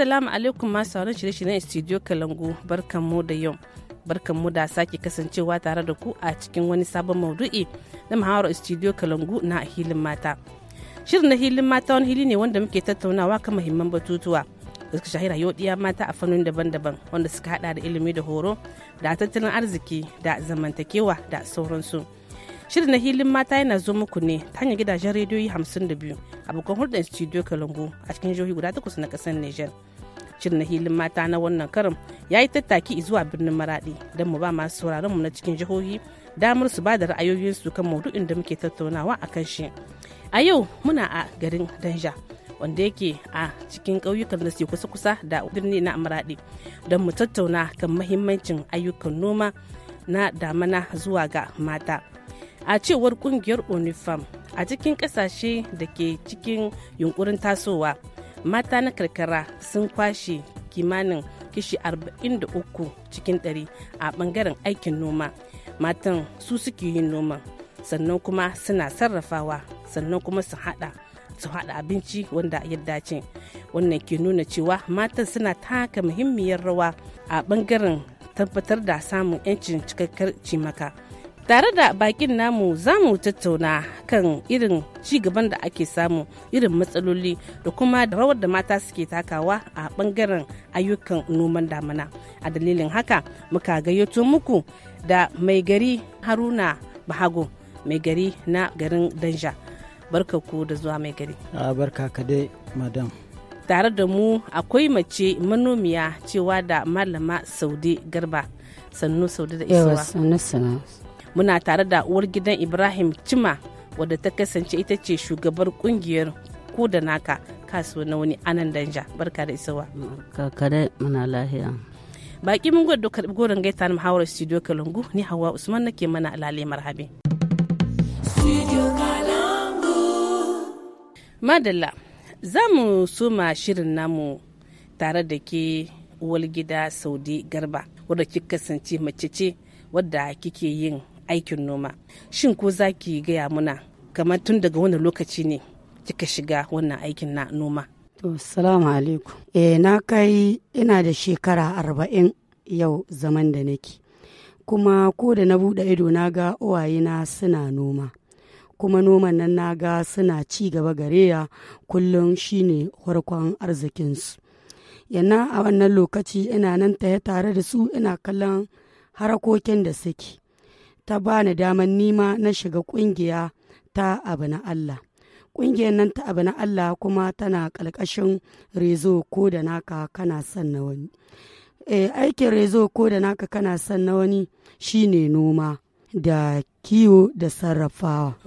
Assalamu alaikum masu sauran shirye-shiryen Studio Kalangu barkanmu da yau. Barkanmu da sake kasancewa tare da ku a cikin wani sabon maudu'i na muhawar Studio Kalangu na hilin mata. Shirin na hilin mata wani hili ne wanda muke tattaunawa kan muhimman batutuwa da suka shahira yau mata a fannoni daban-daban wanda suka hada da ilimi da horo da tattalin arziki da zamantakewa da sauransu. Shirin na hilin mata yana zo muku ne ta hanyar gidajen rediyoyi 52 a bakon hulɗar studio Kalangu a cikin jihohi guda takwas na ƙasar Nijar. shirin hilin mata na wannan karin ya yi tattaki zuwa birnin maraɗi, don mu ba masu sauraron mu na cikin jihohi damar su ba da ra'ayoyinsu kan maudu'in da muke tattaunawa a kan shi a yau muna a garin danja wanda yake a cikin ƙauyukan da su kusa-kusa da birni na maraɗi, don mu tattauna kan mahimmancin ayyukan noma na damana zuwa ga mata a cewar ƙungiyar unifam a cikin ƙasashe da ke cikin yunkurin tasowa mata na karkara sun kwashe kimanin kishi 43 cikin 100 a bangaren aikin noma matan su suke yin noma sannan kuma suna sarrafawa sannan kuma su hada su hada abinci wanda ya dace wannan ke nuna cewa matan suna taka muhimmiyar rawa a bangaren tabbatar da samun 'yancin cikakkar cimaka. tare da bakin namu za mu tattauna kan irin gaban da ake samu irin matsaloli da kuma da rawar da mata suke takawa a bangaren ayyukan noman damana a dalilin haka muka gayyato muku da mai gari haruna bahago mai gari na garin danja barka ku da zuwa mai gari barka ka dai madam tare da mu akwai mace manomiya cewa da malama saudi garba sannu saude da isuwa muna tare da uwar gidan ibrahim cima wadda ta kasance ita ce shugabar kungiyar ko da naka kaso na wani anan danja barka da isowa kakare muna lahiya baki mun gwada karbi goron gaita na muhawarar studio kalungu ni hawa usman nake mana alale marhabi madalla za mu soma shirin namu tare da ke uwar gida saudi garba wadda ki kasance mace ce wadda kike yin aikin noma shin ko za ki gaya muna kamar tun daga wani lokaci ne kika shiga wannan aikin na noma salamu alaikum eh na kai ina da shekara arba'in yau zaman da nake kuma ko da na buɗe ido na ga uwayena suna noma kuma noman nan na ga suna ci gaba gareya ya kullum shine farkon arzikinsu yana a wannan lokaci ina nan ta tare da su ina kallon harakokin da suke ta bani daman nima na shiga kungiya ta abu na Allah. kungiyar nan ta abu na Allah kuma tana ƙalƙashin rezo ko da naka kana son na wani. E, aikin rezo ko da naka kana son na wani shine noma da kiwo da sarrafawa.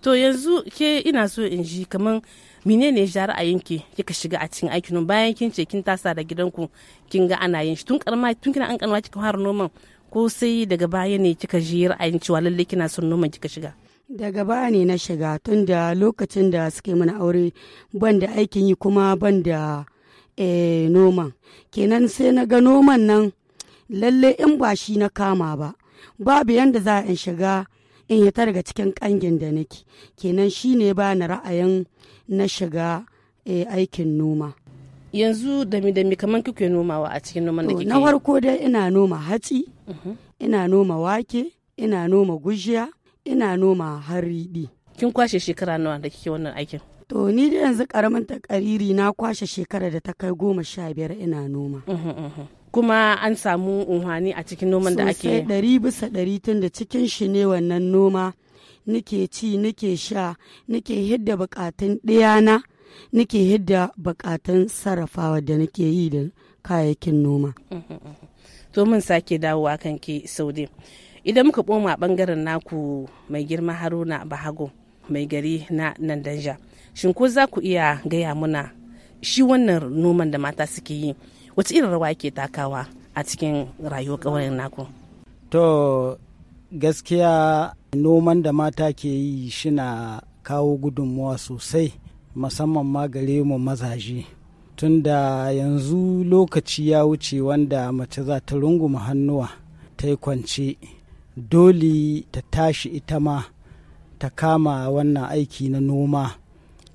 To yanzu ke ina so in ji kamar menene a yanke kika shiga a cikin aikin bayan kin ce kin tasa da gidanku kin ga ana yin shi tun kina an karma kika fara noman ko sai daga baya ne kika ji ra'ayin cewa lallai kina son noman kika shiga daga baya ne na shiga tun da lokacin da suke mana aure ban da aikin yi kuma ban da eh, noman kenan sai na ga noman nan lallai in ba shi na kama ba babu yanda za in shiga in yi hita daga cikin kangin da nake kenan shi ne ba na ra'ayin na shiga eh, aikin noma yanzu da dami kamar kuke nomawa a cikin noman da kike na farko dai ina noma hatsi mhm. ina noma wake ina noma gujiya ina noma hariɗi kin kwashe shekara nawa da kike wannan aikin to ni da yanzu karamin takariri na kwashe shekara da ta kai goma sha biyar ina noma mhm, mhm. kuma an samu unhani a cikin noman da ake ɗari bisa ɗari tun da cikin shi ne wannan noma nike ci nike sha nike hidda bukatun ɗiyana nake yadda bakatan sarrafawa da nake yi da kayayyakin noma to mun sake dawowa kan ke saude idan muka koma bangaren naku mai girma haruna bahago mai gari na nan danja shin ko za ku iya gaya muna shi wannan noman da mata suke yi wace irin rawa ke takawa a cikin rayuwar ƙauyen naku to gaskiya noman da mata ke yi shina kawo gudunmuwa sosai musamman ma gare mu mazaje tunda yanzu lokaci ya wuce wanda mace za ta runguma hannuwa ta yi kwance dole ta tashi ita ma ta kama wannan aiki na noma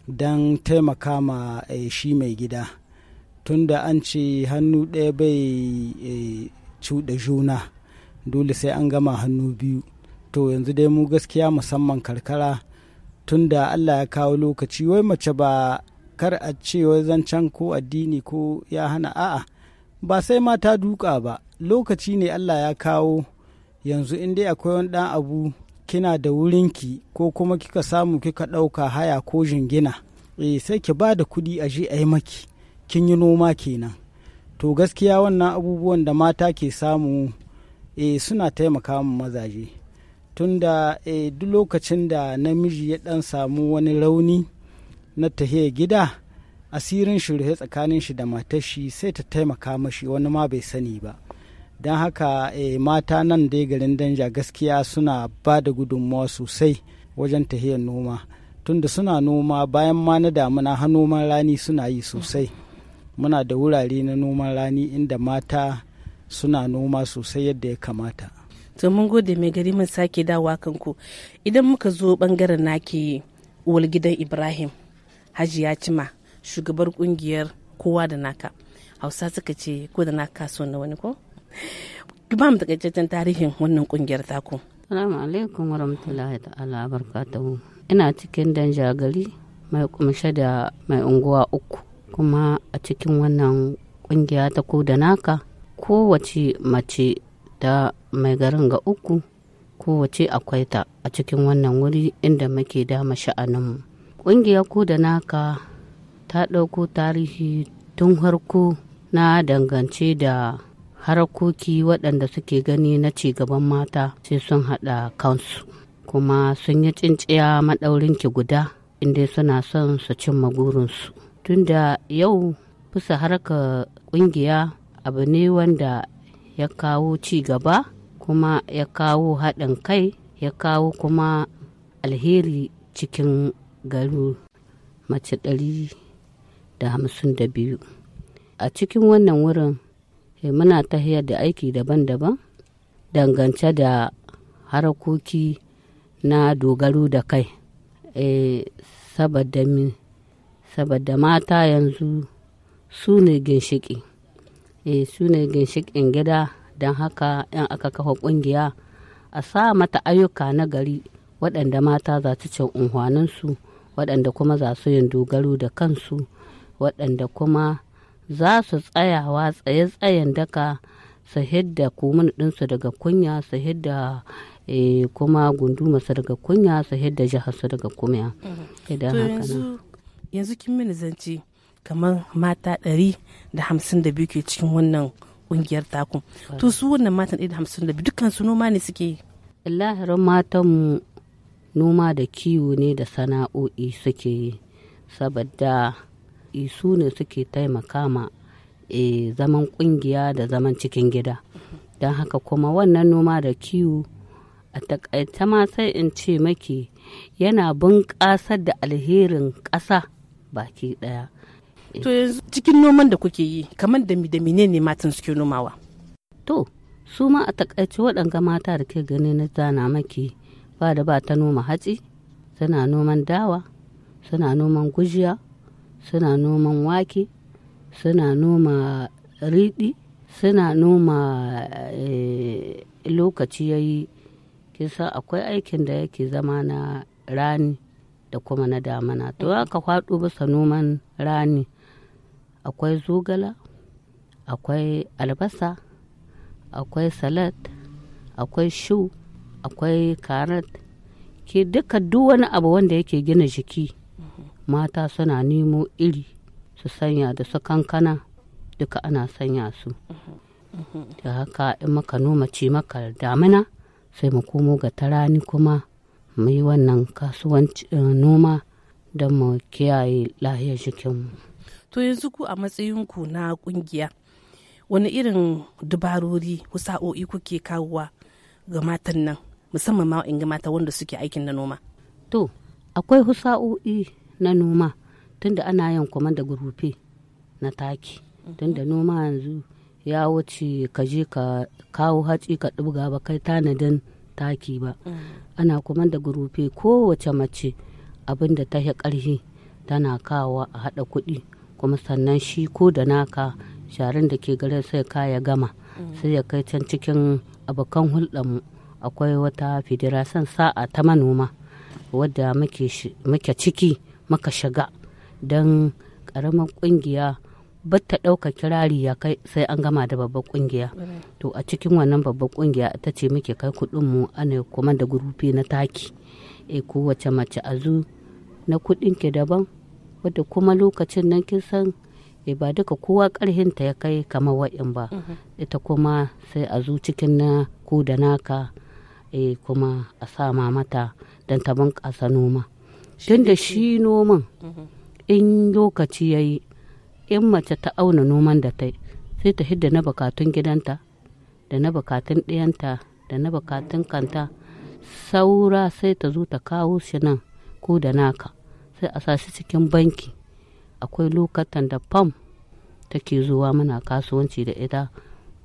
don taimaka ma eh, shi mai gida tunda an ce hannu ɗaya bai eh, cuɗa juna dole sai an gama hannu biyu to yanzu dai mu gaskiya musamman karkara tunda Allah ya kawo lokaci wai mace ba kar a ce wai zancen ko addini ko ya hana a'a ba sai mata duka ba lokaci ne Allah ya kawo yanzu in dai akwai wani ɗan abu kina da wurinki ko kuma kika samu kika ɗauka haya ko jingina e, sai ki ba da kuɗi a je a yi maki kin yi noma kenan to gaskiya wannan abubuwan da mata ke samu e, suna taimaka mazaje tunda e, duk lokacin da namiji ya dan samu wani rauni na tahiyar gida asirin shirhe tsakanin shi da matar shi sai ta taimaka mashi wani ma bai sani ba don haka e, mata nan dai garin danja gaskiya suna ba da gudunmawa sosai wajen tahiyar noma tunda suna noma bayan ma na damuna ha noman rani suna yi sosai muna da wurare na noman rani inda mata suna noma sosai yadda ya kamata to mun gode mai gari mun sake dawa kanku idan muka zo bangaren naki uwal gidan ibrahim hajiya cima shugabar kungiyar kowa da naka hausa suka ce ko da naka so na wani ko ba mu takaitaccen tarihin wannan kungiyar taku Salamu alaikum wa rahmatullahi ta'ala barakatuhu. Ina cikin dan jagari mai kumshe da mai unguwa uku kuma a cikin wannan kungiya ta ko da naka kowace mace da. mai garin ga uku kowace akwai ta a cikin wannan wuri inda muke dama sha'aninmu ƙungiyar ko da naka ta ɗauko tarihi tun harko na dangance da harkoki waɗanda suke gani na cigaban mata sai sun haɗa kansu kuma sun yi cinciya maɗaurinki guda inda suna son su cin magurinsu. tunda yau bisa harka ƙungiya abu ne wanda ya kawo ci gaba kuma ya kawo haɗin kai ya kawo kuma alheri cikin garu mace ɗari da hamsin da biyu a cikin wannan wurin eh, muna tahiyar da aiki daban-daban dangance da harkoki na dogaro da kai eh, saboda mata yanzu su ne ginshiƙi. Eh, su ne gida don haka in aka kafa kungiya a sa mata ayyuka na gari waɗanda mata za su cin unhwaninsu waɗanda kuma za su yin dogaro da kansu waɗanda kuma za su tsayawa tsaye-tsayen daka su hidda komin ɗinsu daga kunya su hidda eh, kuma su daga kunya su hidda jiharsu daga kunya mhm. yanzu kin mini zance kamar mata ɗari da hamsin da biyu ke cikin wannan kungiyar taku to su wannan matan ɗaya da hamsin da biyu dukkan su noma ne suke lahirin matanmu noma da kiwo ne da sana'o'i suke saboda isu ne suke taimaka ma e, zaman kungiya da zaman cikin gida don haka kuma wannan noma da kiwo a takaita ma sai in ce maki yana bunƙasar da alherin ƙasa baki ɗaya To yanzu cikin noman da kuke yi kamar da da ne matan suke nomawa? To su ma a takaice waɗanga mata da ke gani na zana maki ba da ba ta noma hatsi suna noman dawa suna noman gujiya suna noman wake suna noma riɗi suna noma eh, lokaci ya yi kisa akwai aikin da yake zama na rani da kuma na damana to aka faɗo bisa noman rani akwai zogala akwai albasa akwai salad akwai shu akwai karat ke duka duk wani abu wanda yake gina jiki mata suna nemo iri su sanya da su kankana duka ana sanya su da haka in muka noma ce maka damina sai mu komo ga tarani kuma mu yi wannan kasuwanci eh, noma don mu kiyaye lahiyar jikinmu to yanzu ku a matsayinku na kungiya wani irin dubarori sa'o'i kuke kawowa ga matan nan musamman ma in ga mata wanda suke aikin na noma to akwai husa'o'i na noma tunda ana yin kuma da gurufe na taki mhm. tunda noma yanzu ya wuce ka je ka kawo hatsi ka ɗubga ba kai tanadin taki ba mhm. ana kuma da gurufe kowace mace abin da ta ƙarfi tana kawo a haɗa kuɗi kuma sannan shi ko da naka sharin da ke gare sai ka ya gama sai ya kai can cikin abokan hulɗarmu akwai wata San sa'a ta manoma wadda muke ciki muka shiga don ƙaramin ƙungiya ba ta ɗauka kirari ya kai sai an gama da babbar ƙungiya to a cikin wannan babbar ƙungiya ita ce muke kai kuɗinmu ana kuma da gurufi na taki e eh, kowace mace a azu na kuɗin ke daban wadda kuma lokacin nan kin san eh, ba duka kowa ta ya kai kamar wa'in ba mm-hmm. ita kuma sai a zu cikin na ku da naka eh, kuma a ma mata don ta bunƙasa noma tun da shi noman mm-hmm. in lokaci ya yi in mace ta auna noman da ta sai ta hidda na bukatun gidanta da na bukatun ɗayanta da na bukatun kanta saura sai ta zo ta kawo shi nan ko da naka sai a sashi cikin banki akwai lokatan da fam take zuwa muna kasuwanci da ita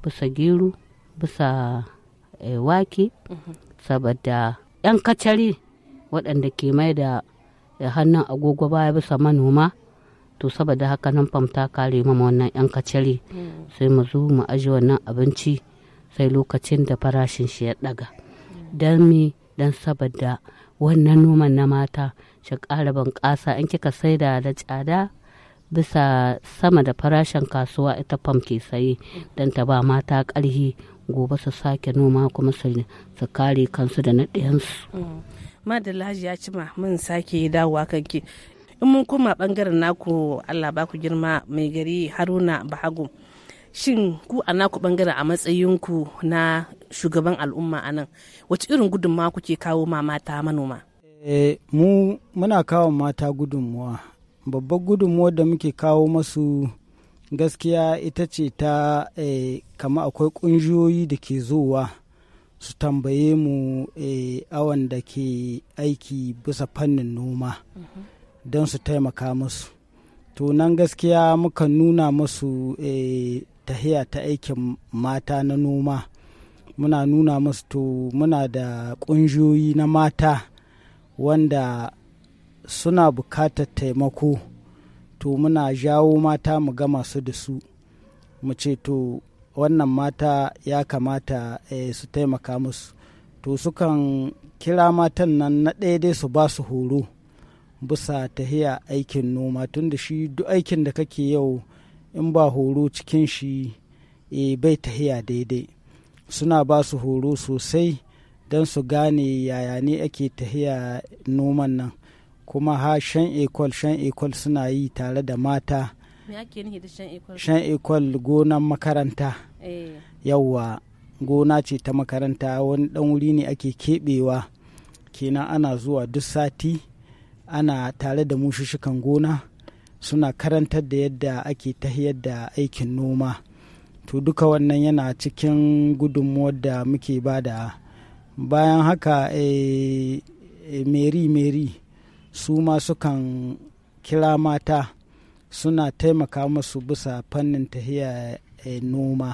bisa gero bisa eh, wake saboda 'yan kacari waɗanda ke mai da eh, hannun agogo baya bisa manoma to saboda haka nan fam ta kare mama wannan 'yan kacari sai mu zo mu aji wannan abinci sai lokacin da farashin shi ya ɗaga don me don saboda wannan noman na mata shi ƙara bunƙasa in kika saida da tsada bisa sama da farashin kasuwa ita fam ke saye don ta ba mata ƙarfi gobe su sake noma kuma su kare kansu da naɗiyansu. Mm. madalla ya cima mun sake dawowa kanki in mun koma bangaren naku allah ba ku girma mai gari haruna bahago shin ku a naku bangaren a matsayinku na shugaban al'umma a nan wace irin gudunmawa kuke kawo ma mata manoma Eh, mu muna kawo mata gudunmuwa babbar gudunmuwa da muke kawo masu gaskiya ita ce ta eh, kama akwai ƙungiyoyi da ke zowa su tambaye mu e, eh, awan da ke aiki bisa fannin noma don su taimaka masu to nan gaskiya muka nuna masu e, tahiya ta aikin mata na noma muna nuna masu to muna da ƙungiyoyi na mata wanda suna bukatar taimako to muna jawo mata mu gama su da su mu ce to wannan mata ya kamata eh, su taimaka musu to sukan kira matan nan na ɗaya dai su ba su horo bisa tahiya aikin noma tun da shi duk aikin da kake yau in ba horo cikin shi e, bai tahiya daidai suna ba su horo sosai don su gane yaya ne ake tahiya noman nan kuma ha shan ekol shan ekol suna yi tare da mata shan ekol gonan makaranta eh. yawwa gona ce ta makaranta wani dan wuri ne ake keɓewa kenan ana zuwa duk sati ana tare da mushushukan gona suna karantar da yadda ake tahiyar da aikin noma to duka wannan yana cikin gudunmuwar da muke ba da. bayan haka meri-meri eh, eh, su ma sukan kira mata suna taimaka masu bisa fannin tahiya eh, noma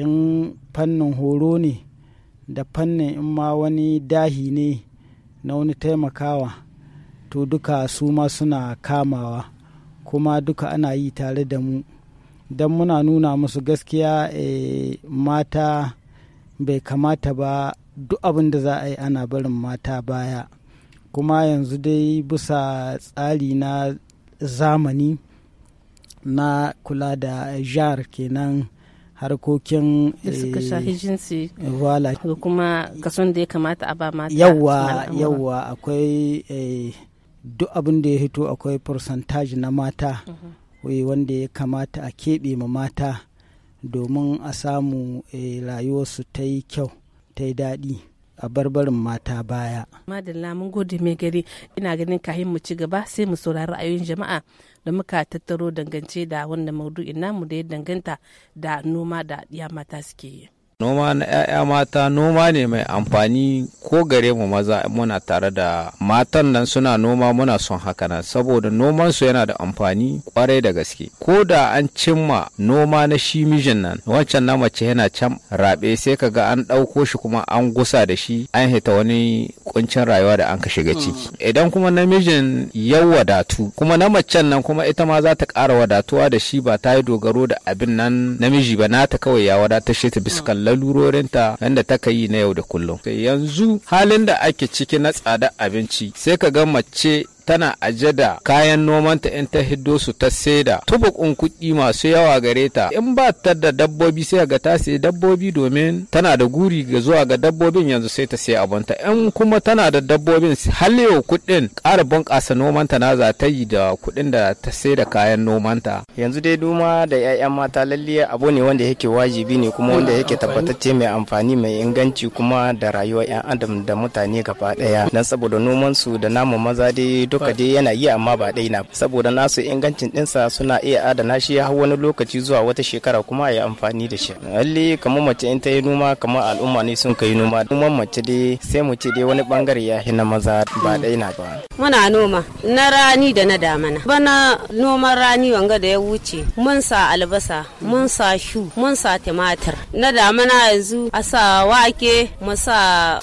in fannin horo ne da fannin in ma wani dahi ne na wani taimakawa to duka su ma suna kamawa kuma duka ana yi tare da mu don muna nuna musu gaskiya mata bai kamata ba duk abin da za a yi ana barin mata baya kuma yanzu dai bisa tsari na zamani na kula da jar kenan harkokin da eh, kuma gason da ya kamata a ba mata yawa yawa akwai eh, duk abin da ya hito akwai percentage na mata mhm. eh, wanda ya kamata a keɓe ma mata domin a samu rayuwarsu ta yi kyau ta yi daɗi a barbarin mata baya. Madalla mun gode mai gari ina ganin kahin mu ci gaba sai mu saurari ra'ayoyin jama'a da muka tattaro dangance da wannan maudu'in namu da ya danganta da noma da ya mata suke yi. noma na 'ya'ya mata noma ne mai amfani ko gare mu maza muna tare da matan nan suna noma muna son haka nan saboda su yana da amfani kwarai da gaske ko da an cimma noma na shi mijin nan wancan na mace yana can rabe sai ka ga an ɗauko shi kuma an gusa da shi an hita wani kuncin rayuwa da an ka shiga ciki hmm. idan kuma namijin ya wadatu kuma na macen nan kuma ita ma za ta ƙara wadatuwa da shi ba ta yi dogaro da abin nan namiji ba nata kawai ya wadatar shi ta bisa lalurorinta yadda ta ka yi na yau da kullum yanzu halin da ake ciki na tsada abinci sai ka ga mace tana aje da kayan nomanta in ta hiddo su ta saida tubukun kuɗi masu yawa gare ta in ba ta da dabbobi sai ga ta sayi dabbobi domin tana da guri ga zuwa ga dabbobin yanzu sai ta sayi abinta in kuma tana da dabbobin halewa kuɗin ƙara bunƙasa nomanta na za ta yi da kuɗin da ta saida kayan nomanta yanzu dai duma da 'ya'yan mata lalle abu ne wanda yake wajibi ne kuma wanda yake tabbatacce mai amfani mai inganci kuma da rayuwar 'yan adam da mutane gaba ɗaya dan saboda noman su da namu maza dai duka dai yana yi amma ba ɗai na saboda nasu ingancin dinsa suna iya adana shi har wani lokaci zuwa wata shekara kuma ya amfani da shi lalle kamar mace in ta yi noma kamar al'umma ne sun kai noma kuma mace dai sai mu ce dai wani bangare ya hi na maza ba ɗai hmm. na ba muna noma na rani da na damana bana noman rani wanga da ya wuce mun sa albasa mun sa shu mun sa tumatir na damana yanzu a sa wake mu sa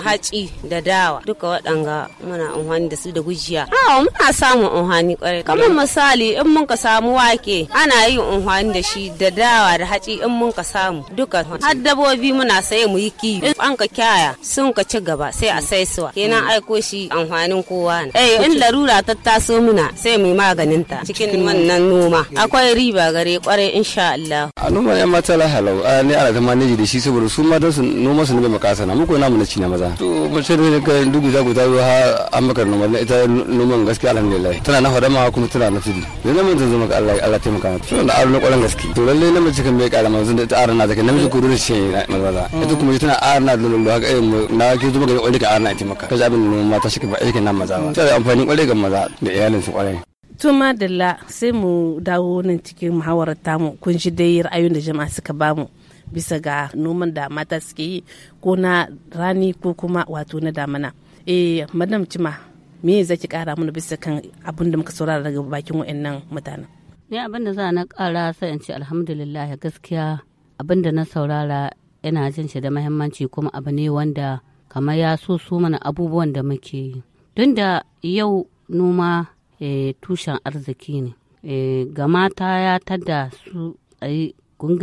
haci da dawa duka waɗanga muna amfani da su da gujiya a ah, muna samun unhani kwarai kamar misali in mun ka samu wake ana yin unhani da shi da dawa da haci in mun ka samu duka har dabobi muna saye mu yi kiwo an ka kyaya sun ka ci gaba sai a sai suwa kenan mm. aiko shi amfanin kowa ne eh in larura ta taso muna sai mu yi maganin ta cikin wannan noma akwai riba gare kwarai insha Allah a noma ya mata halau ne ana zama ne da shi saboda su ma dan su noma su ne makasa na muku na mu na ci na maza to sai ne ga dugu za ku ta zo ha an maka noma ita noman gaskiya alhamdulillah tana na hore ma kuma tana na tudu da na mutum zama Allah Allah taimaka mata tana da aro na kwalan gaske to lalle na mace kan bai kara ma zan da ta arana daga namiji ko dole shi na malwala mm. ita kuma tana arana da lullu haka irin na ke zuba ga kwalle ka arana taimaka kaji abin nan mata shi ba aikin nan maza ba da amfani kwalle ga maza da iyalin su kwalle to dalla sai mu dawo nan cikin muhawarar tamu kun ji dai ra'ayoyin da jama'a suka bamu bisa ga noman da mata suke yi ko na rani ko kuma wato na damana eh madam cima me zaki kara mana bisa kan abin da muka saurara daga bakin wayannan mutane. ni abin da za na kara sai in ce alhamdulillah gaskiya abin da na saurara yana jin shi da mahimmanci kuma abu ne wanda kamar ya so so mana abubuwan da muke yi tun da yau noma eh, tushen arziki ne eh, ga mata ya tada su ayi kun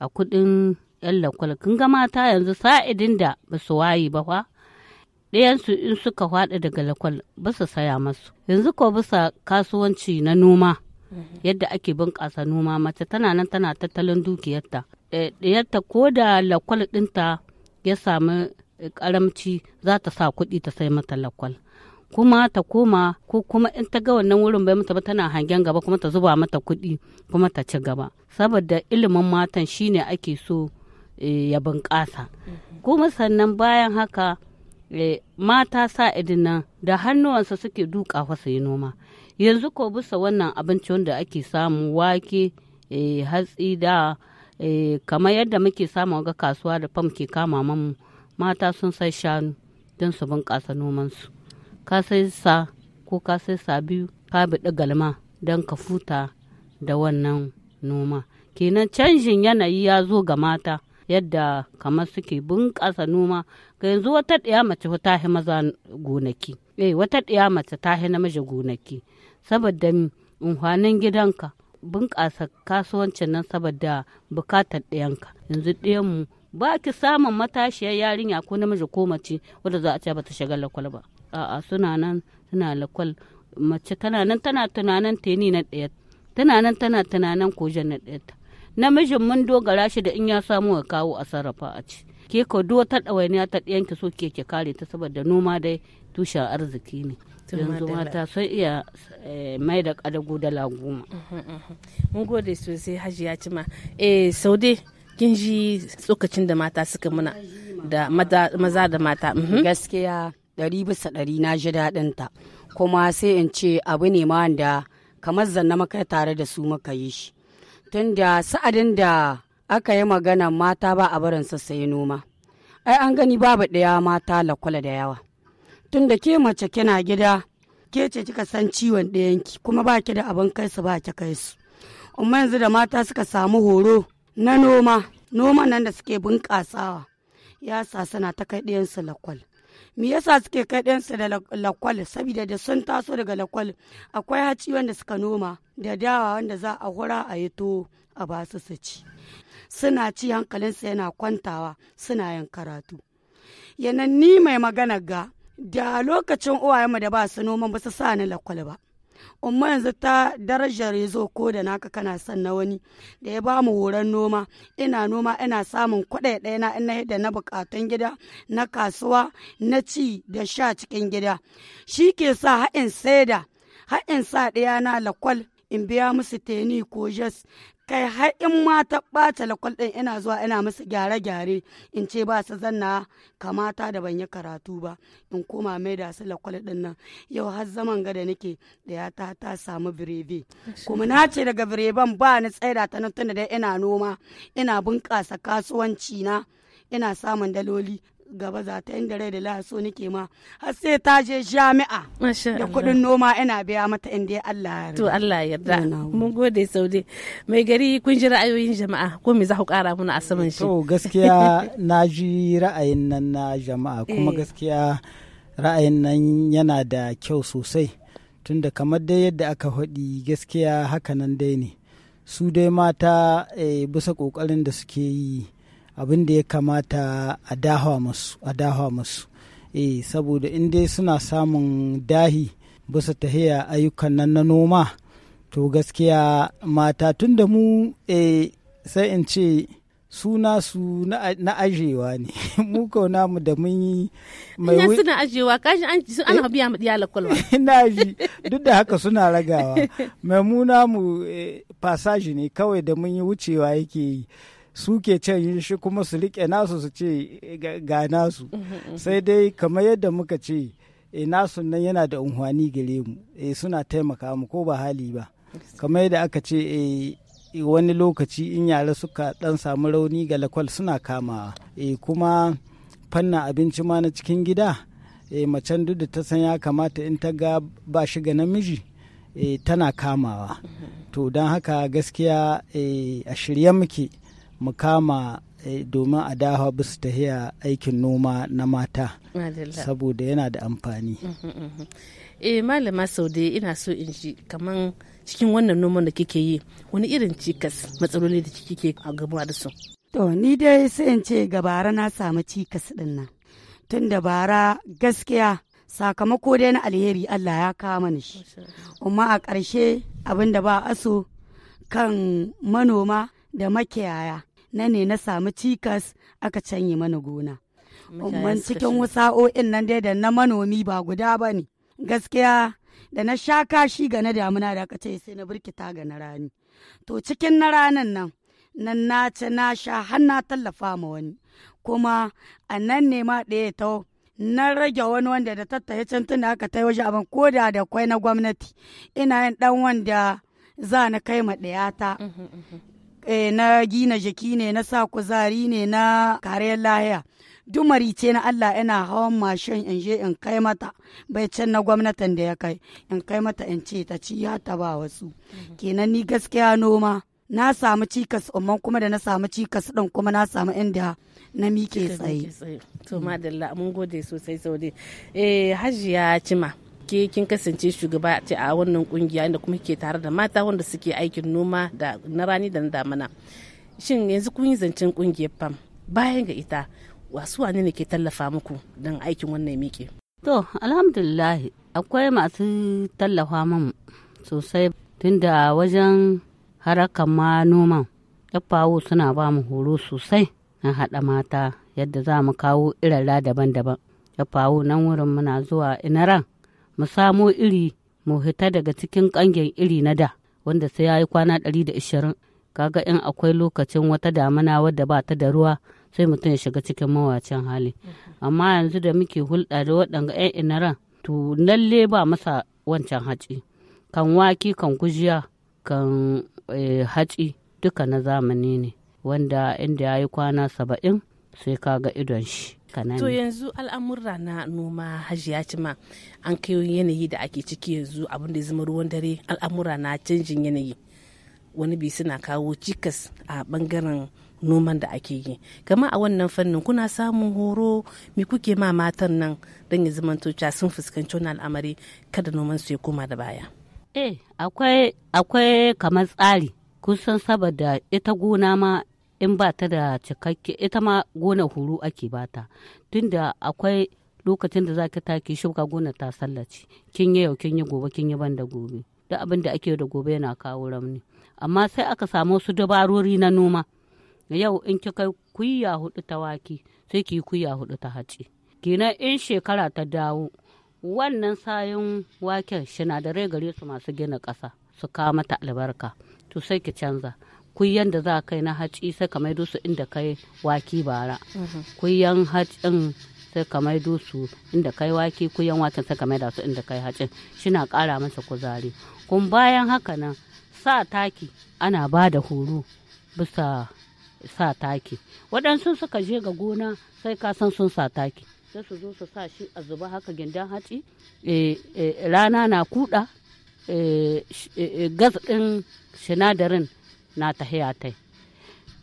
a kudin yan lakwal kun ga mata yanzu sa'idin da ba su wayi ba fa ɗayansu in suka faɗi daga lakwal ba su saya masu yanzu ko bisa kasuwanci na noma yadda ake bunƙasa noma mace tana nan tana tattalin dukiyarta eh, ɗayarta ko da lakwal ɗinta ya sami karamci eh, za ta sa kuɗi ta sai mata lakwal kuma ta koma ko kuma in ta ga wannan wurin bai mata ba tana hangen gaba kuma ta zuba mata kuɗi kuma ta ci gaba saboda ilimin matan shine ake so eh, ya bunƙasa mm-hmm. kuma sannan bayan haka Eh, mata sa idina da hannuwansa suke duka fasa yi noma yanzu ko bisa wannan abinci wanda ake samu wake eh, hatsi da eh, kamar yadda muke samu ga kasuwa da fam ke kama mamu mata sun sai shanu don su bunƙasa nomansu ka sai sa ko ka sai sa biyu ka biɗi galma don ka futa da wannan noma kenan canjin yanayi ya zo ga mata yadda kamar suke bunƙasa noma ga yanzu wata ɗaya mace ta hi maza gonaki eh wata ɗaya mace ta hi namiji gonaki saboda unhwanin gidanka bunƙasa kasuwancin nan saboda bukatar ɗayanka yanzu ɗayanmu ba ki samun matashiyar yarinya ko namiji ko mace wadda za a ce bata shiga lakwal ba a'a suna nan suna lakwal mace tana nan tana tunanin teni na ɗaya tana nan tana tunanin kojan na ɗaya namijin mun dogara shi da in ya samu a kawo a sarrafa a ci ke ko duk wata ɗawainiya ta ɗiyanki so ke kare ta saboda noma dai tushen arziki ne yanzu mata sun iya eh, mai da ƙadago da laguma mun gode sosai hajiya cima eh saude kin ji tsokacin da mata suka muna da maza da mata gaskiya ɗari bisa ɗari na ji daɗin ta kuma sai in ce abu ne ma wanda kamar zanna maka tare da su muka yi shi da sa'adin da aka yi magana mata ba a barin sai noma ai an gani babu ɗaya mata lakwala da yawa Tun da ke mace kina gida ke ce kika san ciwon ɗayanki kuma ba ki da abin kai su ba ki kai su amma yanzu da mata suka samu horo na noma noma nan da suke bunƙasawa ya sa suna ta kai ɗayansu lakwal me yasa suke kai ɗansa da lakwal saboda da sun taso daga lakwal akwai haci wanda suka noma da dawa wanda za a hura a yi to a ba su su ci suna ci hankalinsa yana kwantawa suna yin karatu yana ni mai magana ga da lokacin uwayenmu da ba su noman ba su sa ni lakwal ba umma yanzu ta darajar rezo ko da naka kana son na wani da ya bamu horon noma ina noma ina samun kuɗi ɗaya na ina da na bukatun gida na kasuwa na ci da sha cikin gida shi ke sa haɗin saida haɗin sa ɗaya na lakwal in biya musu teni ko jas kai har in ma ta ɓata lakwal ɗin ina zuwa ina musu gyare-gyare in ce ba su zanna kamata da ban yi karatu ba in koma mai da su lakwal ɗin nan yau har zaman gada nake da ya ta ta samu birebe kuma na ce daga bireben ba ni tsaida ta nan tunda dai ina noma ina bunƙasa kasuwanci na ina samun daloli gaba za ta inda rai da so nake ma har sai ta je jami'a da kuɗin noma ina biya mata inda Allah ya to Allah ya yarda mun gode saude mai gari kun ji ra'ayoyin jama'a ko me za ku ƙara mana a saman shi to gaskiya na ji ra'ayin nan na jama'a kuma eh. gaskiya ra'ayin nan yana da kyau sosai tunda kamar dai yadda aka faɗi gaskiya hakanan dai ne su dai mata eh, bisa kokarin da suke yi abin da ya kamata a dahawa musu a eh saboda in dai suna samun dahi bisa tahiya ayyukan nan na noma to gaskiya mata tun da mu eh sai in ce suna su na ajewa ne mu kauna namu da mun yi mai wuce suna ajewa kashi an su ana eh. biya mu diyalar kulwa na ji duk da haka suna ragawa mai mu namu fasaji eh, ne kawai da mun yi wucewa yake yi su ke can shi kuma su rike nasu su ce ga nasu mm-hmm, mm-hmm. sai dai kamar yadda muka ce e, nasu nan yana da unhwani gare mu eh, suna taimaka mu ko ba hali ba kamar yadda aka ce eh, wani lokaci in yara suka dan samu rauni ga lakwal suna kamawa kuma fannin abinci ma na cikin gida macen duk da ta san ya kamata in ta ga ba shi ga namiji tana kamawa mm-hmm. to don haka gaskiya a shirye muke mu kama eh, domin a dawa bisu tahiya aikin noma na mata saboda yana da amfani mhm, mhm. eh malama saude ina so in ji kaman cikin wannan noman da kike yi wani irin cikas matsaloli da kike a gaba da su to ni dai sai in ce bara na samu cikas din nan tun da bara gaskiya sakamako dai na alheri Allah ya kama ni shi amma a ƙarshe abin da ba aso kan manoma da makiyaya na ne na samu cikas aka canye mana gona umman cikin wasa'o'in nan dai da na manomi ba guda ba ne gaskiya da na sha kashi ga na damuna da aka ce sai na birkita ga na rani to cikin na ranan nan nan na ci na sha har na tallafa ma wani kuma a nan ne ma ɗaya ta na rage wani wanda da tattaye can tun da aka ta waje abin ko da da kwai na gwamnati ina yin dan wanda za na kai ma ɗayata Eh, na gina jiki ne na sa kuzari ne na kariyar lahiya duk marice na Allah yana hawan mashin in je in kai mata bai can na gwamnatin da ya kai in kai mata in ce ta ci ya ba wasu mhm. kenan ni gaskiya noma na samu cikas umman kuma da na samu cikas din kuma na samu inda na mike tsaye to madalla mun gode sosai sau eh hajiya cima ke kin kasance shugaba ce a wannan kungiya inda kuma ke tare da mata wanda suke aikin noma da na rani da na damana shin yanzu kun yi zancen kungiyar fam bayan ga ita wasu wane ne ke tallafa muku don aikin wannan miƙe to alhamdulillahi akwai masu tallafa mamu sosai tunda wajen harakan ma noman yafawo suna ba mu horo sosai na haɗa mata yadda za mu kawo irara daban-daban yafawo nan wurin muna zuwa inaran mu samo iri mu hita daga cikin kangen iri na da wanda sai ya yi kwana ɗari da ishirin kaga in akwai lokacin wata damana wadda ba ta da ruwa sai mutum ya shiga cikin mawacin hali amma yanzu da muke hulɗa da waɗanga 'yan inaran to lalle ba masa wancan haci kan waki kan gujiya kan eh, haci duka na zamani ne wanda inda ya yi kwana saba'in sai kaga idon shi kanani. to yanzu al'amurra na noma hajiya cima an kai yanayi da ake ciki yanzu abin da zama ruwan dare al'amurra na canjin yanayi wani bi suna kawo cikas a bangaren noman da ake yi kama a wannan fannin kuna samun horo me kuke ma matan nan don ya zamanto sun fuskanci wani al'amari kada noman su ya koma da baya eh akwai akwai kamar tsari kusan saboda ita gona ma in ba ta da cikakke ita ma gonar huru ake bata tunda akwai lokacin da za ka take shuka gona ta sallaci kin yi yau kin yi gobe kin yi ban da gobe duk abin da ake da gobe yana kawo ramni amma sai aka samu su dabarori na noma yau in ki kai kuya hudu ta wake sai ki kuya hudu ta hatsi kenan in shekara ta dawo wannan sayan waken sinadarai gare su masu gina ƙasa su kawo mata albarka to sai ki canza kuyan da za kai na haci sai ka maido su inda kai waki bara mm-hmm. kuyan hacin sai ka maido su inda kai waki kuyan wakin sai ka maida su inda kai hacin shina kara masa kuzari kun bayan haka nan sa taki ana ba da horo bisa sa taki waɗansu suka je ga gona sai ka san sun sa taki sai su zo su sa shi a zuba haka gindan haci eh, eh, rana na kuɗa eh, gas ɗin sinadarin na tahiya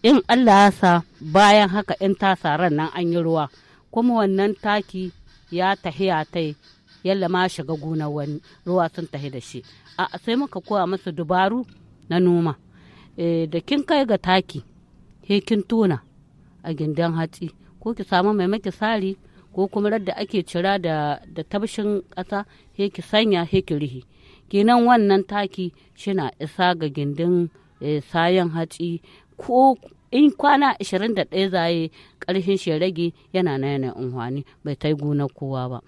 in allah ya sa bayan haka in ta saran nan an yi ruwa kuma wannan taki ya tahiya tai yalla ma shiga gonar wani ruwa sun tahi da shi a sai muka koya masa dubaru na noma eh, da kin kai ga taki he kin tona a gindin hatsi ko ki samu mai maki sari ko kuma radda ake cira da, da tabshin ƙasa he ki sanya he ki rihi kenan wannan taki shina isa ga gindin Eh, sayan hatsi ko in kwana 21 zaye karshen shi rage yana na yana unhwani bai tai gona kowa ba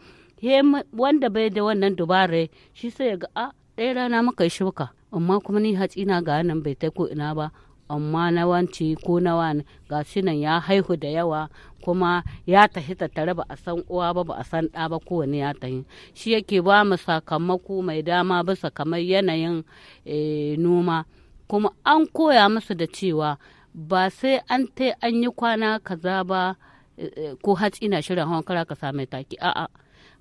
wanda bai da wannan dubare shi sai ya ga a ah, ɗaya rana muka shuka amma kuma ni hatsi na ga nan bai tai ko ina ba amma na wanci ko na wani ga nan ya haihu da yawa kuma ya tafi tattare ba a san uwa ba ba a san ɗa ba kowane ya tafi shi yake ba mu sakamako mai dama bisa kamar yanayin eh, noma kuma an koya musu da cewa ba sai an tai an yi kwana kaza ba eh, eh, ko hatsi na shirin hawan kara ka same taki a'a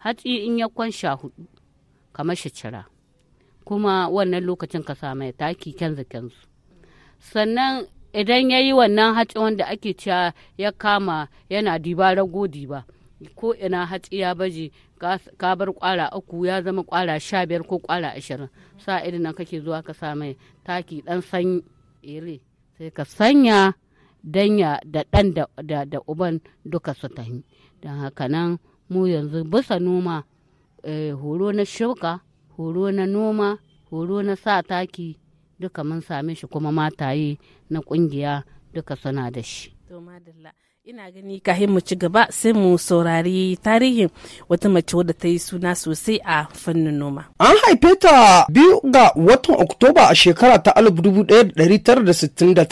hatsi in ya kwan sha hudu kamar shicira cira kuma wannan lokacin ka same taki kyanzu kyanzu sannan idan ya yi wannan hatsi wanda ake cewa ya kama yana diba rago diba ko ina hatsi ya baje ka bar kwara uku ya zama kwara sha biyar ko kwara ashirin sa irin nan kake zuwa ka sa mai taki dan sanyi ire sai ka sanya danya da dan da uban duka su tahi don haka nan mu yanzu bisa noma eh, horo na shuka horo na noma horo na sa taki duka mun same shi kuma mataye na kungiya duka suna da shi. ina gani kahin mu ci gaba sai mu saurari tarihin wata mace wadda ta yi suna sosai a fannin noma an haife ta biyu ga watan oktoba a shekara ta 1969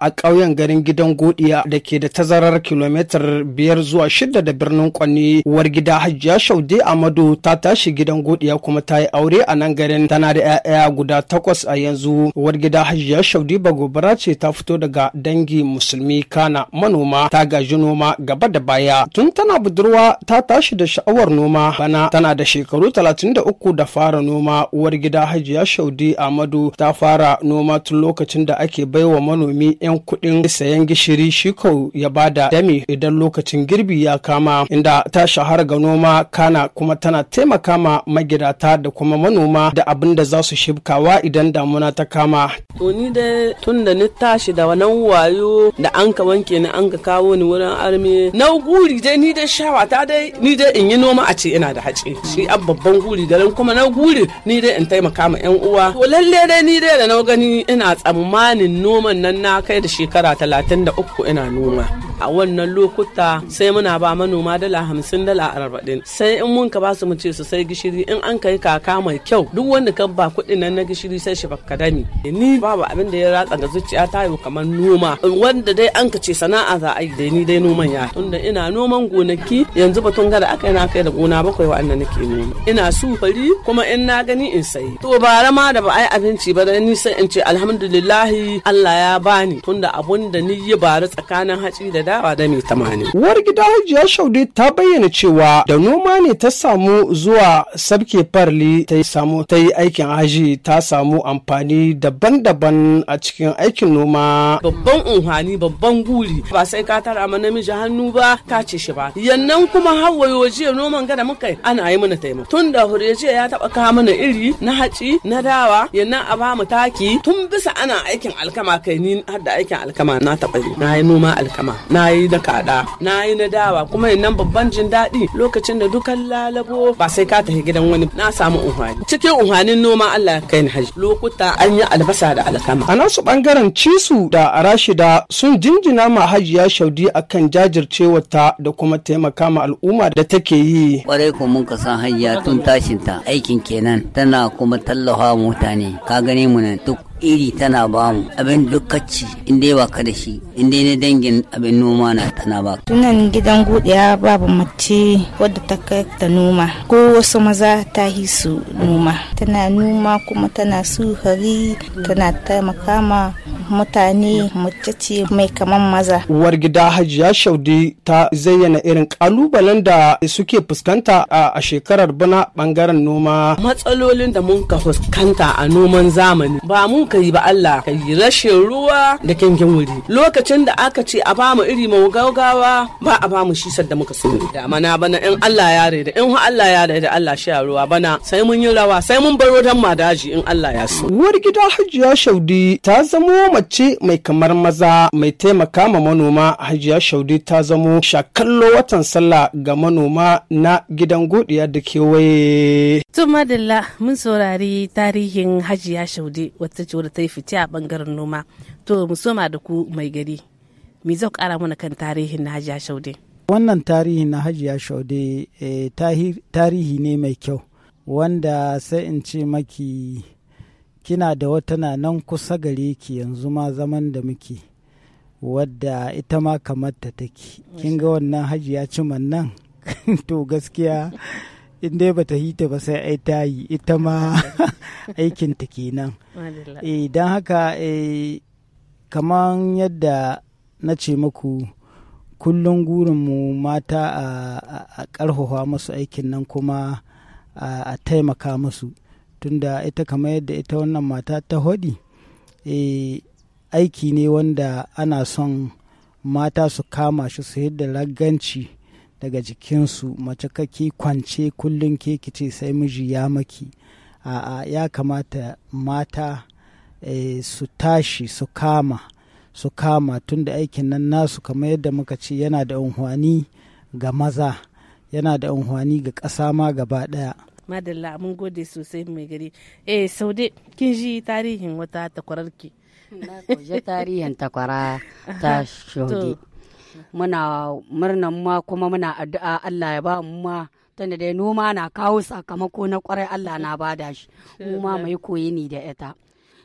a ƙauyen garin gidan godiya da ke da tazarar kilomitar biyar zuwa shida da birnin kwanni uwar gida hajiya shaude amadu ta tashi gidan godiya kuma ta yi aure a nan garin tana da 'ya'ya guda takwas a yanzu uwar gida hajiya shaude bagobara ce ta fito daga dangi musulmi kana manoma ta gajin noma gaba da baya tun tana budurwa ta tashi da sha'awar noma bana tana da shekaru 33 da fara noma uwar gida hajiya shaudi amadu ta fara noma tun lokacin da ake baiwa manomi 'yan kudin sayan gishiri shiko ya bada dami idan lokacin girbi ya kama inda ta shahara ga noma kana kuma tana taimaka ma magidata da kuma manoma da abin da za su shibkawa idan damuna ta kama. To ni dai tun da ni tashi da wannan wayo da an ka wanke ni an ka kawo ni ni wurin armi. na guri dai ni dai shawa ta dai ni dai in yi noma a ce ina da hace shi an babban guri garin kuma na guri ni dai in taimaka ma yan uwa to lalle dai ni dai da na gani ina tsammanin noman nan na kai da shekara talatin da uku ina noma a wannan lokuta sai muna ba manoma dala hamsin dala arba'in sai in mun ka basu mu ce su sai gishiri in an kai kaka mai kyau duk wanda ka ba kuɗin nan na gishiri sai shi bakka dani ni babu abin da ya ratsa ga zuciya ta yau kamar noma wanda dai an ka ce sana'a za a yi ni dai noman ya tunda ina noman gonaki yanzu batun gada aka n'a kai da gona bakwai wa'annan nake noma ina su fari kuma in na gani in sayi to bara ma da ba ai abinci ba dan ni sai in ce alhamdulillahi Allah ya bani tunda abun da ni yi bara tsakanin haci da dawa da mai tamani uwar gida Hajiya Shaude ta bayyana cewa da noma ne ta samu zuwa sabke farli ta samu ta yi aikin haji ta samu amfani daban-daban a cikin aikin noma babban unhani babban guri ba sai ka tara ma namiji hannu ba kace shi ba yannan kuma hawaye jiya noman gada muka ana yi mana taimako tun da jiya ya taba kawo mana iri na haci na dawa yannan a ba mu taki tun bisa ana aikin alkama kai ni har da aikin alkama na taba yi na yi noma alkama na yi na kada na yi na dawa kuma yannan babban jin daɗi lokacin da dukan lalabo ba sai ka tafi gidan wani na samu unhwani cikin unhwanin noma Allah kai ni haji lokuta an yi albasa da alkama a nasu bangaren cisu da arashida sun jinjina ma hajiya shaudi akan jajircewa ta da kuma taimaka ma al'umma da take yi. Kwarai ko mun ka san hanya tun tashin ta aikin kenan tana kuma tallafa mutane ka gane mu nan duk iri tana bamu abin dukkaci in dai ba ka da shi in dai na dangin abin noma na tana ba tunan gidan gudiya babu mace wadda ta kai ta noma ko wasu maza ta yi su noma tana noma kuma tana su hari tana taimaka ma mutane mace ce mai kaman maza uwar gida hajiya shaudi ta zayyana irin kalubalen da suke fuskanta a shekarar bana bangaren noma matsalolin da mun ka fuskanta a noman zamani ba mun aka yi ba Allah ka yi rashin ruwa da kyangen wuri lokacin da aka ce a bamu iri mu gaugawa ba a bamu shi sadda muka so da mana bana in Allah ya rada in Allah ya rada Allah sha ruwa bana sai mun yi rawa sai mun baro dan madaji in Allah ya so uwar gida Hajiya Shaudi ta zamo mace mai kamar maza mai taimaka ma manoma Hajiya Shaudi ta zamo shakallo watan sallah ga manoma na gidan godiya da kewaye. Tumadalla mun saurari tarihin Hajiya Shaudi wata da ta yi fice a bangaren noma to mu soma da ku mai gari me zai kara mana kan tarihin na hajiya shaude wannan tarihin na hajiya shaude eh, tarihi ne mai kyau wanda sai in ce maki kina da wata na nan kusa gare ki yanzu ma zaman da muke wadda ita ma kamar ta take kin ga wannan hajiya ciman nan to gaskiya in dai bata yi ta ba sai ai ta yi ita ma aikinta kenan eh, don haka eh, kaman yadda na ce maku kullum mu mata a ƙarfafa masu aikin nan kuma a taimaka masu tunda ita kamar yadda ita wannan mata ta hodi eh, aiki ne wanda ana son mata su kama shi su yadda ragganci daga jikinsu mace kake kwance kullum ke kice sai miji ya maki ya kamata mata e, su tashi su kama su kama tun da aikin nan nasu kamar yadda muka ce yana da unhwani ga maza yana da unhwani ga ƙasa ma gaba ɗaya madalla mun gode sosai mai gari eh saude kin ji tarihin wata takwararki na kuje tarihin takwara ta shoge muna murnan ma kuma muna addu'a Allah ya ba mu ma tunda dai noma na kawo sakamako na kwarai Allah na bada shi mu ma mai koyi ni da ita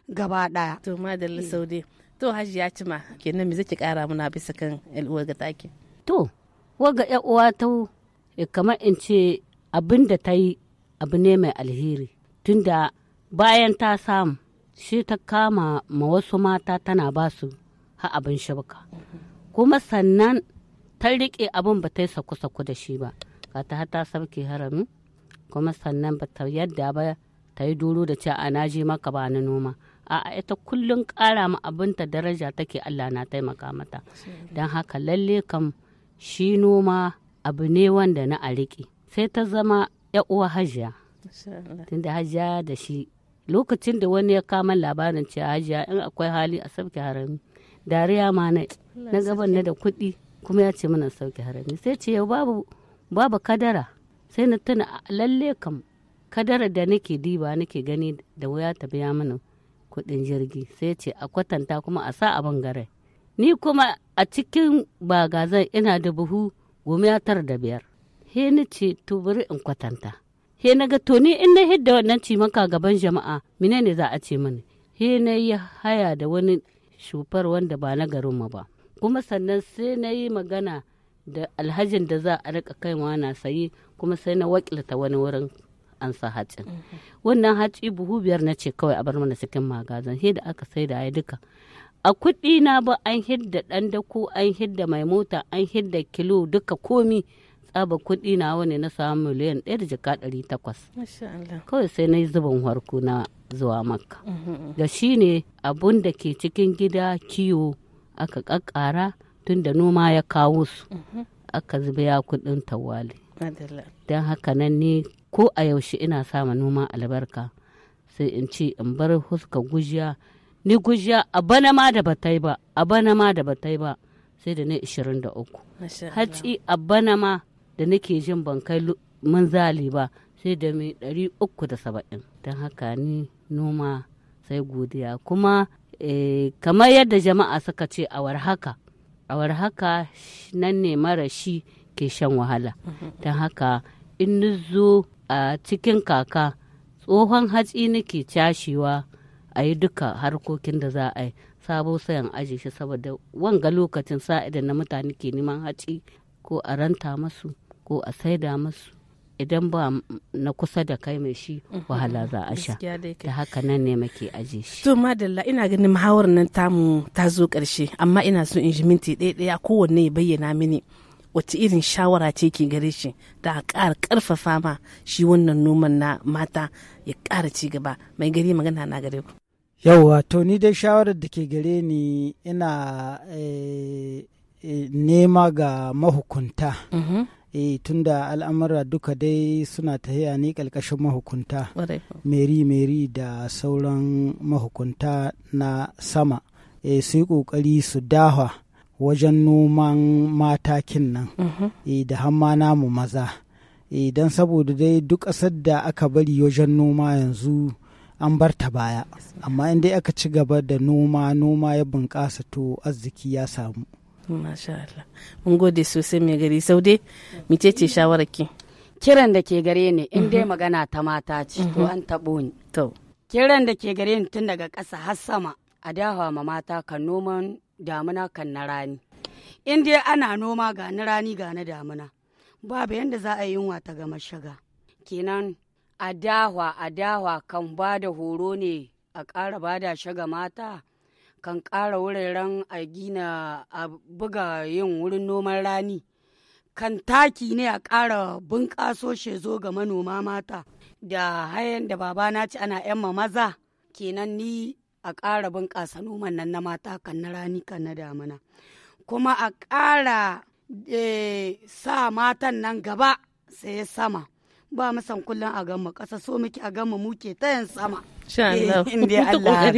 gaba daya to madalla saudi to hajiya cima kenan me zaki kara muna bisa kan al'uwar ga take to waga ya uwa ta eh, kamar in ce abin da ta yi abu ne mai alheri tunda bayan ta samu shi ta kama ma wasu mata tana ba su ha abin shabaka kuma sannan ta riƙe abin ba ta yi saku-saku da shi ba ga ta hata sauke harami kuma sannan ba ta yadda ba ta yi duro da cewa na je maka ba na noma a'a ita kullum ƙara ma abinta daraja take Allah na taimaka mata don haka lalle kam shi noma abu ne wanda na a riƙe sai ta zama ya uwa hajiya tunda hajiya da shi lokacin da wani ya kama labarin cewa hajiya in akwai hali a sabke harami dariya ma na na gaban na da kuɗi kuma ya ce mana sauke harami sai ce yau babu kadara sai na tuna lalle kam kadara da nake diba nake gani da wuya ta biya mana kuɗin jirgi sai ce a kwatanta kuma a sa a bangare ni kuma a cikin bagazan ina da buhu gumiya tara da biyar he ni ce to bari in kwatanta he na ga to ni in na hidda wannan cimaka gaban jama'a mine ne za a ce mani he na yi haya da wani shufar wanda ba na garinmu ba kuma sannan sai na yi magana da alhajin da za a rika kaiwa na sayi kuma sai na wakilta wani wurin an sa hacin mhm. wannan haci buhu biyar na ce kawai a bar mana cikin magazin he da aka sai da ya duka a kuɗi na ba an hidda ɗan dako an hidda mai mota an hidda kilo duka komi tsaba kuɗi na wani na samu miliyan ɗaya da jika ɗari takwas kawai sai na yi zuban harko na zuwa maka. Mhm, mhm. da shi ne abun da ke cikin gida kiwo aka kakkara tun da noma ya kawo su mhm. aka ya kudin tawali don haka nan ne ko a yaushe ina sama noma albarka sai in ce in bar huska gujiya ni gujiya a bana ma da batai ba a bana ma da batai ba sai da na 23 haci a bana ma da nake jin ban kai zali ba sai da mai 370 don haka ni noma sai godiya kuma Eh, kamar yadda jama'a suka ce awar haka a haka nan ne mara shi ke shan wahala don haka in nizo a cikin kaka tsohon hatsi nake cashewa a yi duka harkokin da za a yi sabo sayan aji shi saboda wanga lokacin sa'ida na mutane ke neman hatsi ko a ranta masu ko a saida masu idan ba na kusa da kai mai shi mhm. wahala za a sha da haka nan ne muke aje shi to madalla ina ganin muhawar nan tamu ta zo karshe amma ina so in ji minti ɗaya ɗaya kowanne ya bayyana mini wace irin shawara ce ke gare shi da a ƙara ƙarfafa ma shi wannan noman na mata ya ƙara ci gaba mai gari magana na gare ku yawwa to ni dai shawarar da ke gare ni ina eh, eh, nema ga mahukunta mhm. e tunda al'amura duka dai suna tahiya ne ƙarƙashin mahukunta meri meri da sauran mahukunta na sama e su yi ƙoƙari su dawa wajen noman matakin nan e da hamma namu maza e don saboda dai duk ƙasar da aka bari wajen noma yanzu an bar ta baya amma inda aka ci gaba da noma noma ya bunƙasa to arziki ya samu Masha Allah. Mun gode sosai mai gari sau dai mice ce shawararki. Kiran da ke gare ni in dai mhm. magana ta mata ce to mhm. an taɓo ni. To. Kiran da ke gare ni tun daga ƙasa har sama a dawa ma mata kan noman damuna kan na rani. In dai ana noma ga na rani ga na damuna. Babu yadda za a yi yunwa ta gama shiga. Kenan a dawa a dawa kan ba da horo ne a ƙara ba da shiga mata kan ƙara wuraren a gina a buga yin wurin noman rani kan taki ne a ƙara bunƙaso shi zo ga manoma mata da hayan da babana ci ana 'yan maza kenan ni a ƙara bunƙasa noman nan na mata kan na rani kan na damina kuma a ƙara eh, sa matan nan gaba sai sama ba mu san kullum a gama ƙasa so muke a gama muke ta yin sama. Eh,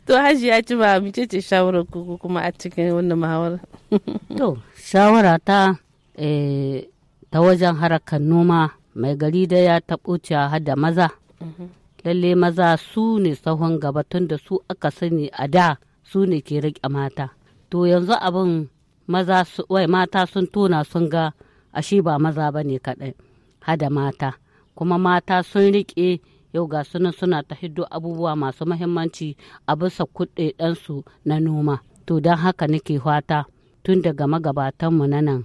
to haji ya ci ba mice ce shawarar ku kuma a cikin wannan mahawar. To shawara ta eh, ta wajen harakan noma mai gari da ya taɓo cewa hada maza. Mhm. Lalle maza su ne sahun gaba tun da su aka sani a da su ne ke rike mata. To yanzu abin wai mata sun tona sun ga ashe ba maza ba ne kaɗai. hada mata kuma mata sun riƙe yau ga sunan suna ta hiddo abubuwa masu mahimmanci a bisa kuɗaɗensu na noma to don haka nake fata tun daga magabatanmu na nan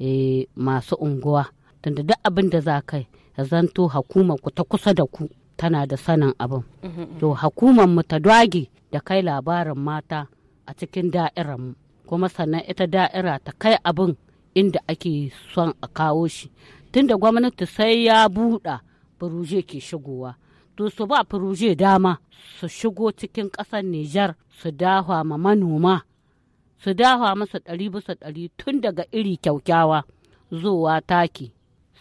eh, masu unguwa tunda duk abin da za kai ya zanto hakuma ku ta kusa da ku tana da sanin abin mm-hmm. to hakuman mu ta dwage da kai labarin mata a cikin da'iranmu kuma sannan ita da'ira ta kai abin inda ake son a kawo shi Tun da gwamnati sai ya buɗa furuje ke shigowa to su ba furuje dama su shigo cikin ƙasar Nijar su dawa ma manoma su dawa masa ɗari bisa ɗari tun daga iri kyaukyawa zuwa taki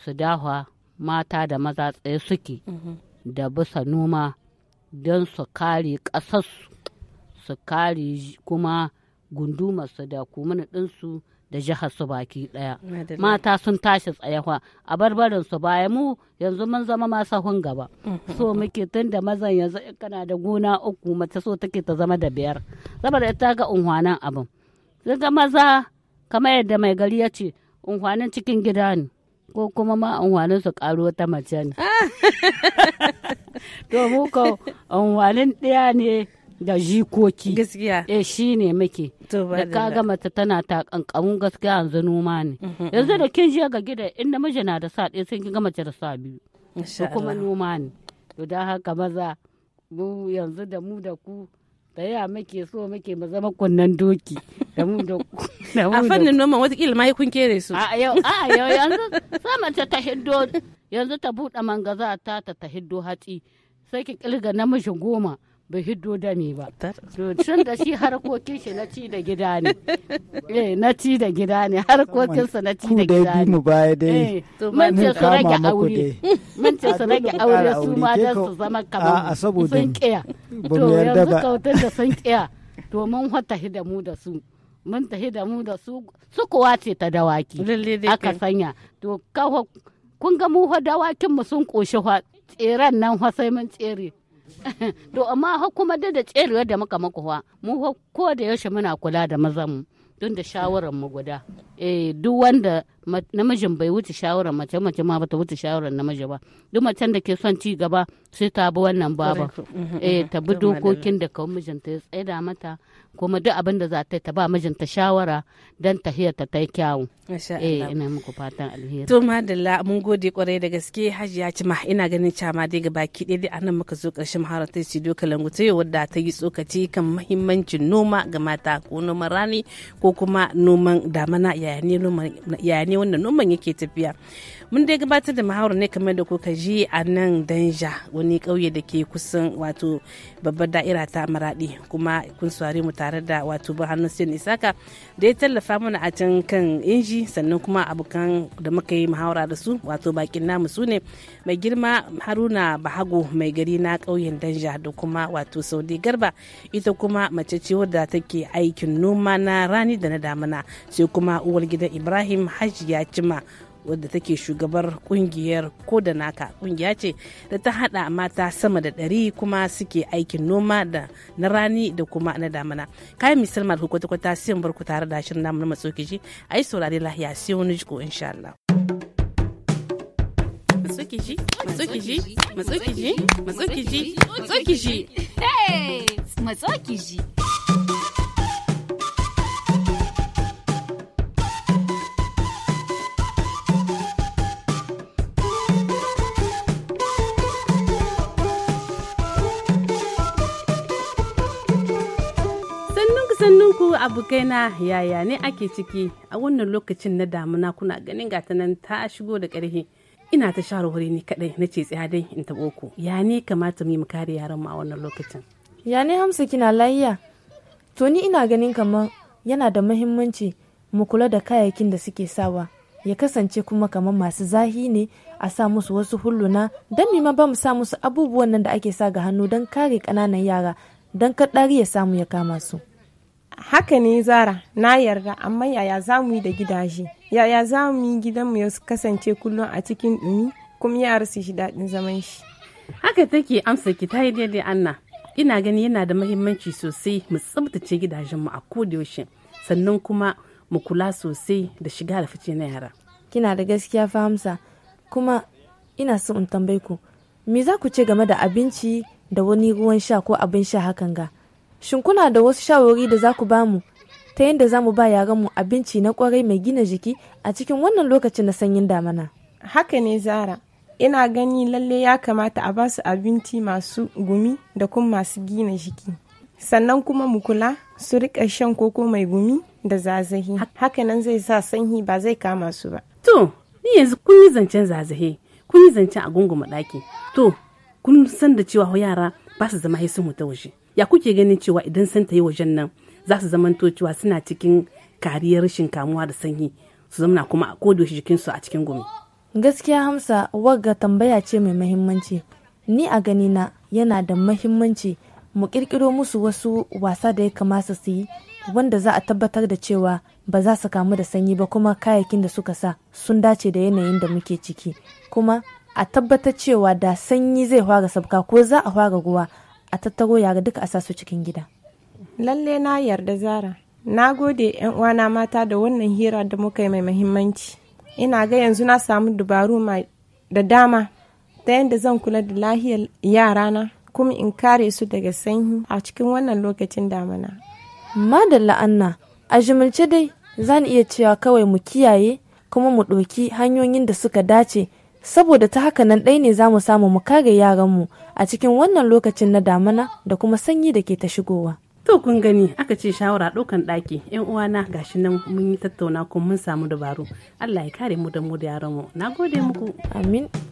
su dawa mata da maza tsaye suke mhm. da bisa noma don su kare ƙasarsu su kare kuma gundumarsu da kuma ɗinsu da jihar su baki daya mata sun tashi tsayawa a barbarin su baya mu yanzu mun zama masu hun gaba mhm. so muke tun da mazan yanzu kana da gona uku mace so take ta zama da biyar saboda ita ga unhwanan abin sun ga maza kamar yadda mai gari ya ce unhwanan cikin gida ne ko kuma ma unhwanan su karo ta mace ne ah! to mu ko unhwanan ɗaya ne da jikoki gaskiya eh shi ne muke da ga mata tana ta kankamun gaskiya yanzu noma ne mhm, mhm. yanzu da kin je ga gida in namiji na da sa ɗaya sai kin ga mace da sa biyu da kuma noma ne to da haka maza mu yanzu da mu da ku da ya muke so muke mu zama kunnan doki da mu da ku. a fannin wata kila ma kun kere su a yau a yau yanzu sai mace ta hiddo yanzu ta buɗe mangaza ta ta hiddo hatsi sai ki kilga namiji goma ba hiddo dami ba tun da shi harkokin shi na ci da gida ne eh na ci da gida ne harkokin sa na ci da gida ne mu baya dai eh, mun ce su rage aure mun ce su rage aure su ma dan su zama kamar sun kiya to yanzu kautar da sun kiya to mun hata hidamu da su mun ta da mu da su su kuwa ce ta dawaki aka sanya to kawo kun ga mu dawakin mu sun koshi tseren nan sai mun tsere to amma har kuma da da tserewar da muka makuwa mu ko da yaushe muna kula da mazan mu don da shawaran mu guda eh duk wanda namijin bai wuce shawarar mace mace ma bata wuce shawarar namiji ba duk macen da ke son ci gaba sai ta bi wannan baba mhm, eh mhm. ta bi dokokin da kawun mijinta ya tsaida mata kuma duk abin da za ta ta ba mijinta shawara don ta tahiyar ta yi kyawu eh ina muku fatan alheri to madalla mun gode kwarai da gaske hajiya cima ina ganin cama dai baki ɗaya a nan muka zo ƙarshen ci doka kalangu ta yau wadda ta yi tsokaci kan mahimmancin noma ga mata ko noman rani ko kuma noman damana yaya ne wannan noman yake tafiya mun dai gabatar da muhawar ne kamar da kuka ji a nan danja wani ƙauye da ke kusan wato babbar da'ira ta maradi kuma kun mu tare da wato ban hannun sin isaka da ya tallafa mana a can kan inji sannan kuma abokan da muka yi muhawara da su wato bakin namu su ne mai girma haruna bahago mai gari na ƙauyen danja da kuma wato saudi garba ita kuma mace ce wadda take aikin noma na rani da na damana sai kuma uwar gidan ibrahim ya cima wadda take shugabar kungiyar da naka kungiya ce da ta hada mata sama da ɗari kuma suke aikin noma da na rani da kuma na damana kayan misalmar kwata-kwata bar ku tare da shirin namu na matsokici a yi saurari lahiya sai wani jiko insha Allah. matsukiji matsukiji matsukiji matsukiji matsukiji sannunku abokaina yaya ne ake ciki a wannan lokacin na damuna kuna ganin gata ta shigo da ƙarfi ina ta shawarwari ni kadai na ce tsaya dai in taɓo ku ya ne kamata mu yi kare yaran mu a wannan lokacin ya ne hamsa kina layiya to ni ina ganin kamar yana da muhimmanci mu kula da kayayyakin da suke sawa ya kasance kuma kamar masu zahi ne a sa musu wasu hulluna don nima ba mu sa musu abubuwan nan da ake sa ga hannu don kare kananan yara don kaɗari ya samu ya kama su. haka ne zara na yarda amma yaya za mu yi da gidaje yaya za mu yi gidanmu ya kasance kullum a cikin dumi kuma yara su shi daɗin zaman shi haka take amsa ki ta yi daidai anna ina gani yana da mahimmanci sosai mu tsabtace gidajenmu a kodayaushe sannan kuma mu kula sosai da shiga da fice na yara kina da gaskiya fahimsa kuma ina so in tambayi ku me za ku ce game da abinci da wani ruwan sha ko abin sha hakan ga Shin kuna da wasu shawarwari da za ku ba mu ta yadda za mu ba yaran mu abinci na kwarai mai gina jiki a cikin wannan lokacin na sanyin damana? Haka ne Zara, ina gani lalle ya kamata a ba su abinci masu gumi da kuma masu gina jiki. Sannan kuma mu kula su rika shan koko mai gumi da zazahi. Hakanan zai sa sanyi ba zai kama su ba. To, ni yanzu kun yi zancen zazahi, kun yi zancen a gungun ɗaki. To, kun san da cewa yara ba su zama mu ta waje. ya kuke ganin cewa idan sun ta yi wajen nan za su zamanto cewa suna cikin kariyar rashin kamuwa da sanyi su zama kuma a kodo jikinsu a cikin gumi gaskiya hamsa wagga tambaya ce mai mahimmanci ni a ganina yana da mahimmanci mu kirkiro musu wasu wasa da ya kamata su yi wanda za a tabbatar da cewa ba za su kamu da sanyi ba kuma kayayyakin da suka sa sun dace da yanayin da muke ciki kuma a tabbatar cewa da sanyi zai fara sabka ko za a fara ruwa a tattago yara duka a sa su cikin gida lalle na yarda zara na gode yan uwana mata da wannan hira da muka yi mai mahimmanci ina ga yanzu na samu dabaru da dama ta yadda zan kula da lahiyar yarana kuma in kare su daga sanyi a cikin wannan lokacin damana madalla anna a jimilce dai zan iya cewa kawai mu kiyaye kuma mu ɗauki hanyoyin da suka dace saboda ta haka nan ɗai ne za mu samu mu kare yaranmu a cikin wannan lokacin na damana da kuma sanyi da ke ta shigowa. To kun gani aka ce shawara ɗaukan ɗaki ‘yan uwana shi nan mun yi tattauna kuma mun samu dabaru. Allah ya kare mu da mu da yaran mu. Na gode muku. Amin.